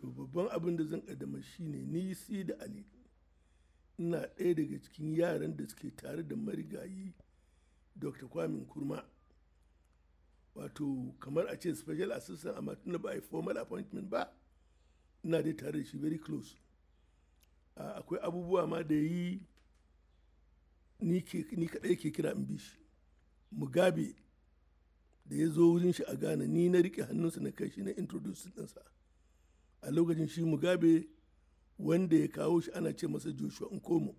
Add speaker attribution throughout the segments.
Speaker 1: to babban abin da zan kaddama shine ni si da ali ina ɗaya daga cikin yaran da suke tare da marigayi dr Kwame kurma wato kamar a ce special assistant amma tunda ba a yi formal appointment ba ina dai tare da shi very close akwai abubuwa ma da yi ni kaɗai ke kira in bi shi mugabe da ya zo wurin shi a gane ni na riƙe hannunsa na kai shi na introduce ɗinsa a lokacin shi mugabe wanda ya kawo shi ana ce masa joshua nkomo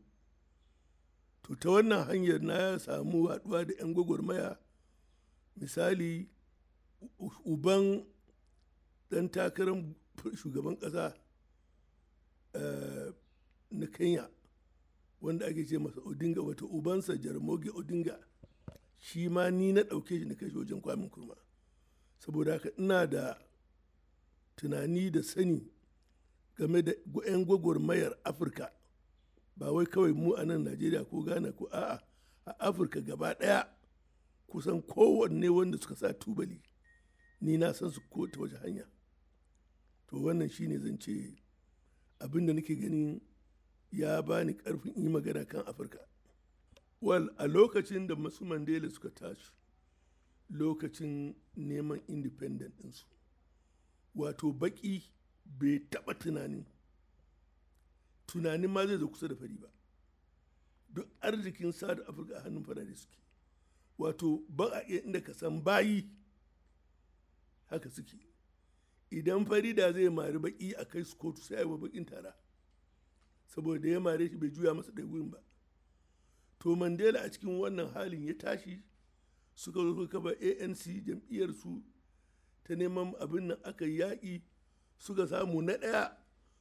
Speaker 1: to ta wannan hanyar na ya samu haduwa da 'yan gwagwarmaya misali uban dan takarar shugaban ƙasa eh, na kenya wanda ake ce masa odinga wata ubansa jarmoge odinga shi ma ni na dauke shi na kai shi wajen kwamin kurma saboda haka ina da tunani da sani game da 'yan gwagwarmayar afirka ba wai kawai mu a nan najeriya ko ghana ko a'a a afirka gaba ɗaya kusan kowanne wanda suka sa tubali ni na san su ko ta waje hanya to wannan shine zan ce abin da nake ganin ya bani karfin yi magana kan afirka wal a lokacin da masu mandela suka tashi lokacin neman independent ɗinsu wato baki bai taɓa tunanin tunanin ma zai zo kusa da fari ba duk arzikin sada afirka hannun farare suke wato ba a iya inda ka san bayi haka suke idan farida zai mari baki a kai su kotu sai a bakin tara saboda ya mare shi bai juya masa ɗaya wurin ba to mandela a cikin wannan halin ya tashi suka zo kafa anc jam'iyyar su ta neman abin nan aka yi yaƙi suka samu na ɗaya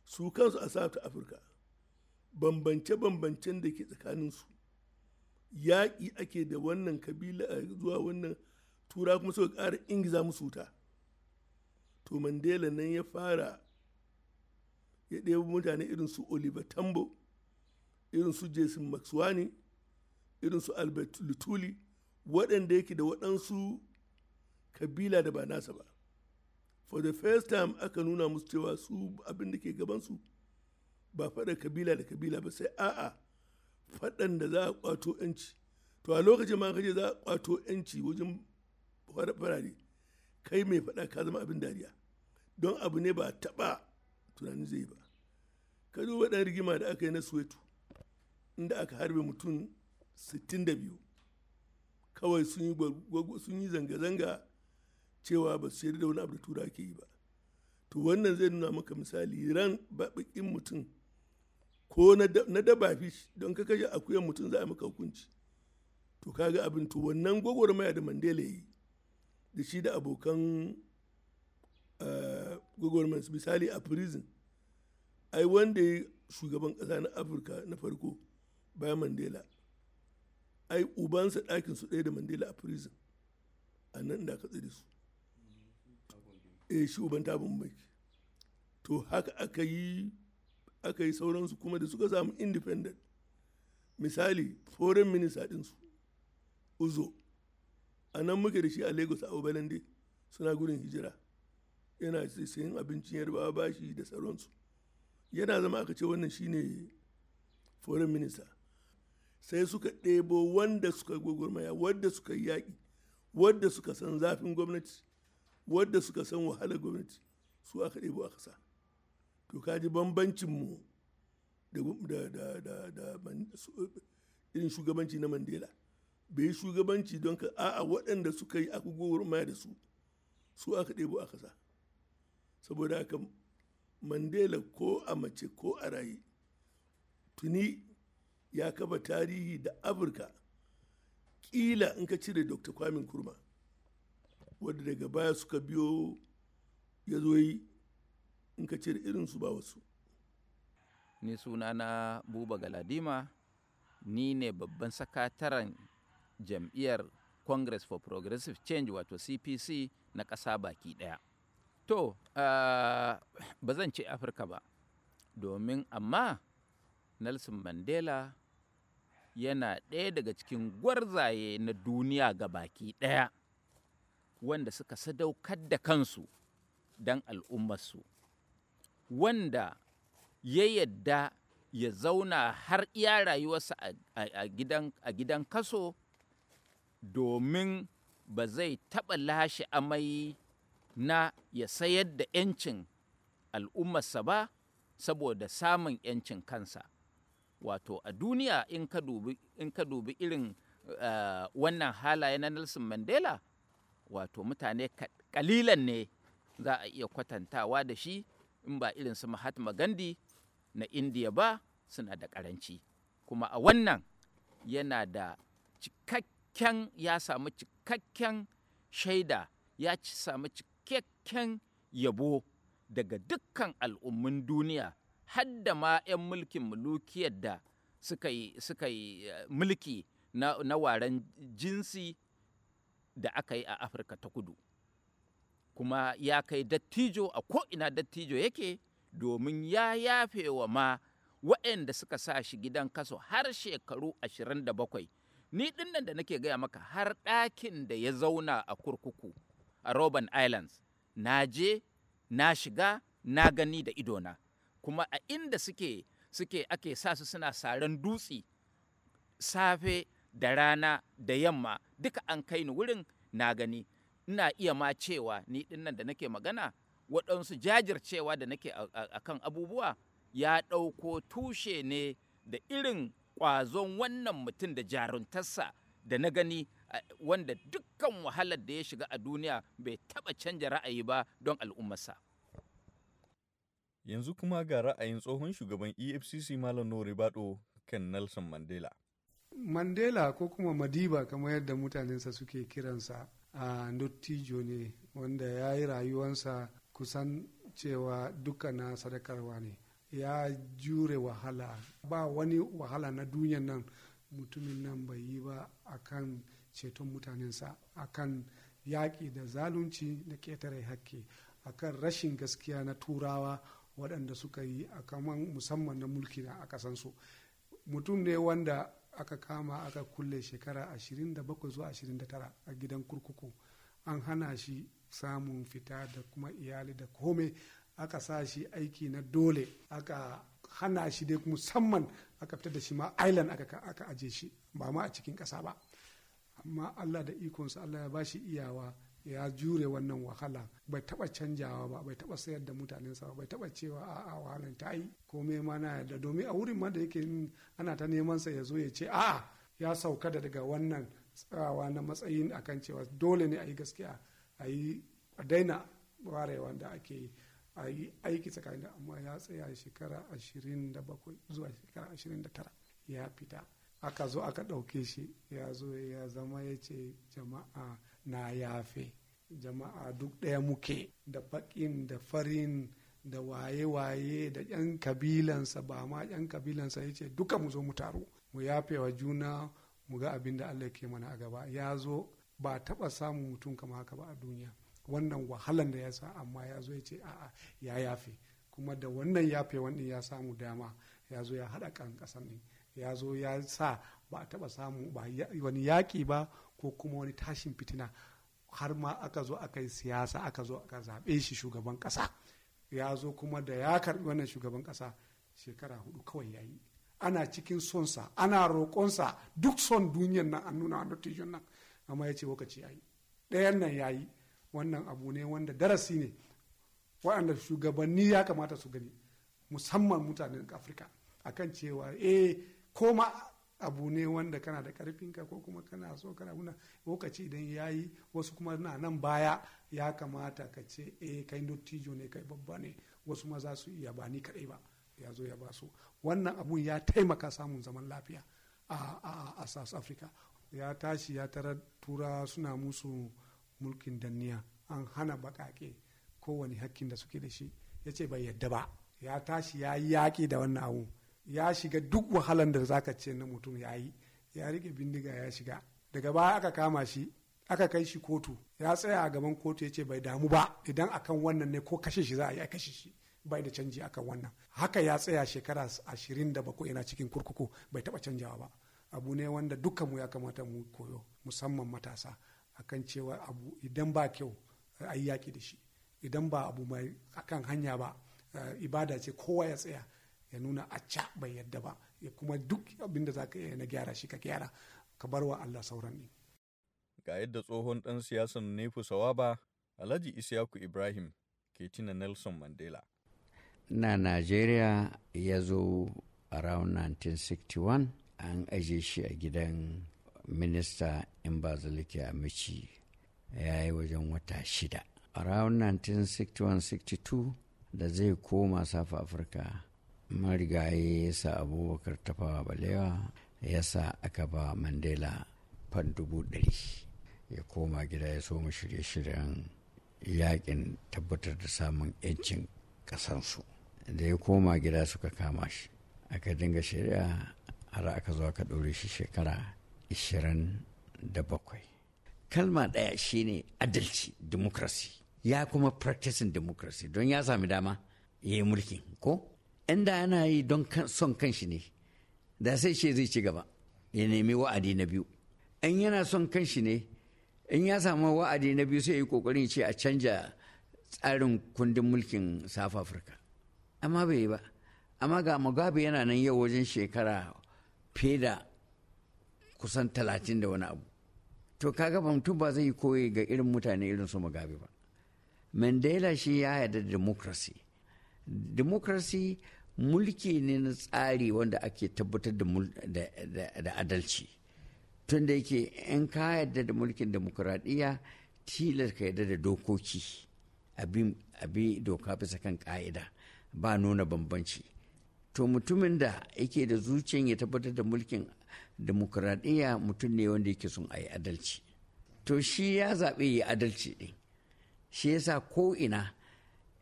Speaker 1: su kansu a south Afirka bambance-bambancen da ke tsakaninsu yaƙi ake da wannan kabila a eh, zuwa wannan tura kuma suka ƙara ingiza musu wuta to mandela nan ya fara ya ɗaya mutane irin su oliver tambo irin su jason maxwani irin su albert lutuli waɗanda yake da waɗansu kabila da ba nasa ba for the first time aka nuna musu cewa su abin da ke gabansu ba faɗa kabila da kabila ba sai a'a faɗan da za a kwato 'yanci to a lokacin ma kaje za a kwato 'yanci wajen farare kai mai faɗa ka zama abin dariya don abu ne ba taɓa tunanin zai ba ka zo ɗan rigima da aka yi na suwetu inda aka harbe mutum 62 kawai sun yi zanga-zanga cewa ba su yarda da wani abu da tura ke yi ba to wannan zai nuna maka misali ran baɓaƙin mutum ko na daba fi don ka kashe akuyan mutum za a maka hukunci to kaga abin to wannan gwagwarmaya da mandela yi da shi da abokan eh, gwagwarmaya misali a prison ai wanda ya shugaban ƙasa na afirka na farko bayan mandela ai ubansa ɗakin su ɗaya da mandela a prison a nan da ka tsiri su eh ta to haka aka yi aka yi sauransu kuma da suka samu independent misali foreign minister su uzo a nan muke da shi a lagos a obalande suna gudun hijira yana sayin abincin yarbawa bashi da sauransu yana zama aka ce wannan shi ne foreign minister sai suka ɗebo wanda suka gwagwarmaya wadda suka yaƙi wadda suka san zafin gwamnati wadda suka san wahala gwamnati su aka ɗebo aka sa to kaji bambancinmu da da da irin shugabanci na mandela bai shugabanci don ka a'a waɗanda suka yi aka maya da su su aka ɗebo aka sa saboda haka mandela ko a mace ko a raye tuni ya kafa tarihi da afirka ƙila in ka cire dr kwamin kurma wadda daga baya suka biyo ya zo yi in ka cire su ba wasu
Speaker 2: ni suna na buba galadima ni ne babban sakataren jam'iyyar congress for progressive change wato cpc na ƙasa baki ɗaya to uh, ba zan ce afirka ba domin amma nelson mandela yana ɗaya daga cikin gwarzaye na duniya ga baki ɗaya wanda suka sadaukar da kansu don al'ummarsu wanda ya yadda ya zauna har iya rayuwarsa a gidan kaso domin ba zai taɓa lashe amai na ya sayar da 'yancin al'ummarsa ba saboda samun 'yancin kansa wato a duniya in ka dubi irin uh, wannan halaye na nelson mandela wato mutane kalilan ne za a iya kwatantawa da shi in ba irin su Mahatma Gandhi na Indiya ba suna da karanci kuma a wannan yana da cikakken ya samu cikakken shaida ya ci samu cikakken yabo daga dukkan al'ummin duniya hadda ma 'yan mulkin mulukiyar da suka yi eh, mulki na, na waren jinsi da aka yi a afirka ta kudu kuma ya kai dattijo a ko'ina dattijo yake domin ya yafe wa ma waɗanda suka sa shi gidan kaso har shekaru ashirin da bakwai ni dinnan da nake gaya maka har ɗakin da ya zauna a kurkuku a robben islands na je na shiga na gani da idona kuma a inda suke suke ake sa su suna saran dutse safe da rana da yamma duka an kai ni wurin na gani ina iya ma cewa ni nan da nake magana waɗansu jajircewa da nake akan abubuwa ya ɗauko tushe ne da irin ƙwazon wannan mutum da jaruntarsa da na gani wanda dukkan wahalar da ya shiga a duniya bai taɓa canja ra'ayi ba don al'ummarsa.
Speaker 3: Yanzu kuma ga ra'ayin tsohon shugaban EFCC Malam Nori Bado kan Nelson Mandela.
Speaker 4: mandela ko kuma madiba kamar yadda mutanensa suke kiransa a dottijo ne wanda ya yi rayuwansa kusan cewa dukkana sadakarwa ne ya jure wahala ba wani wahala na duniyan nan mutumin nan bai yi ba a kan ceton mutanensa a kan yaƙi da zalunci da ƙetare hakki kan rashin gaskiya na turawa waɗanda suka yi a kaman musamman na mulki na a ƙasansu mutum ne wanda aka kama aka kulle shekara 27 zuwa 29 a gidan kurkuku an hana shi samun fita da kuma iyali da kome aka sa shi aiki na dole aka hana shi dai musamman aka fita da shi ma island aka, aka aje shi ba ma a cikin ƙasa ba amma allah da ikonsu allah ya ba shi iyawa ya jure wannan wahala bai taba canjawa ba bai taba sayar da mutanensa ba bai taba cewa a a wahalan ta yi ko me ma na yadda domin a wurin ma da yake ana ta neman sa ya zo ya ce a ya sauka da daga wannan tsawa na matsayin akan cewa dole ne a yi gaskiya a yi a daina warewa da ake yi a yi aiki tsakanin amma ya tsaya shekara ashirin da bakwai zuwa shekara ashirin da tara ya fita aka zo aka ɗauke shi ya zo ya zama ya ce jama'a na yafe jama'a duk ɗaya muke da faƙin da farin da waye-waye da 'yan kabilansa ba ma 'yan kabilansa ya ce duka mu zo mu taru mu yafe wa juna mu ga abin da Allah ke mana a gaba ya zo ba taɓa samun mutum kama haka ba a duniya wannan wahalan da ya sa amma ya zo ya ce a'a ya yafe kuma da wannan yafe wannan ya samu dama ya zo ya haɗa kan ƙasan ya zo ya sa ba a taba samu ba wani yaƙi ba ko kuma wani tashin fitina har ma aka zo aka yi siyasa aka zo aka zaɓe shi shugaban ƙasa ya zo kuma da ya karɓi wannan shugaban ƙasa shekara hudu kawai ya yi ana cikin sonsa ana roƙonsa duk son duniyan nan an nuna annotation nan amma ya ce lokaci ya yi ɗayan nan ya yi wannan abu ne wanda darasi ne waɗanda shugabanni ya kamata su gani musamman mutanen afirka akan cewa eh ko ma abu ne wanda kana da karfinka ko kuma kana so kana muna lokaci idan ya yi wasu kuma na nan baya ya kamata ka ce e kai dottijo ne kai babba ne wasu ma za su iya ba ni kaɗai ba ya zo ya ba su wannan abun ya taimaka samun zaman lafiya a south africa ya tashi ya tara tura suna musu mulkin danniya an hana baƙaƙe kowane hakkin da suke da shi ya ce bai yadda ba ya tashi ya yi yaƙi da wannan abu ya shiga duk wahalan da zaka ce na mutum ya yi ya rike bindiga ya shiga daga baya aka kama shi aka kai shi kotu ya tsaya a gaban kotu ya ce bai damu ba idan akan wannan ne ko kashe shi za a yi kashe shi bai da canji akan wannan haka ya tsaya shekara ashirin da bakwai yana cikin kurkuku bai taba canjawa ba abu ne wanda mu ya kamata mu koyo musamman matasa akan cewa abu idan ba kyau a yi yaƙi da shi idan ba abu mai akan hanya ba eh, ibada ce kowa ya tsaya ya nuna a ca bai yadda ba ya kuma duk abin da za ka iya na gyara shi ka gyara ka bar wa Allah sauran ne.
Speaker 3: Ga yadda tsohon ɗan siyasan Nefu Sawaba Alhaji Isiyaku Ibrahim ke tina Nelson Mandela. Na Najeriya ya zo around 1961 an aje shi a gidan minista in a Amici ya yi wajen wata shida. Around 1961-62 da zai koma South afirka. marigayi sa abubakar tafawa balewa ya sa aka ba mandela fan dubu ɗari ya koma gida ya so mu shirye-shiryen yakin tabbatar da samun 'yancin ƙasansu da ya koma gida suka kama shi aka dinga shari'a har aka zo aka ɗore shi shekara 27 kalma ɗaya shine adalci democracy ya kuma practicing democracy don ya sami dama ya yi mulkin ko inda yana yi don son kanshi ne da sai shi zai ci gaba ya nemi wa'adi na biyu in yana son kanshi ne in ya samu wa'adi na biyu sai ya yi kokarin ce a canja tsarin kundin mulkin south africa amma bai yi ba amma ga mugabe yana nan yau wajen shekara fiye da kusan talatin da wani abu to kaga mutum ba zai yi koyi ga irin mutane irin su mugabe ba mandela shi ya yarda da democracy democracy mulki ne na tsari wanda ake tabbatar da adalci tun da yake in ka yarda da mulkin demokuraɗiyya tilar ka yarda da dokoki abi doka bisa kan ƙa'ida ba nuna bambanci to mutumin da yake da zuciyar ya tabbatar da mulkin demokuraɗiyya mutum ne wanda yake son a yi adalci to shi ya zaɓe yi adalci ɗin shi yasa ko ina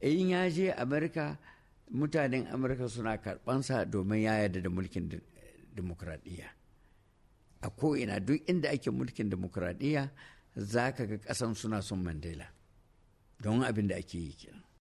Speaker 3: in ya je amerika mutanen amurka suna karbansa domin ya yarda da mulkin demokradiyya a ko'ina duk inda ake mulkin demokradiyya za ka ga ƙasan suna son mandela don abin da ake yi kenan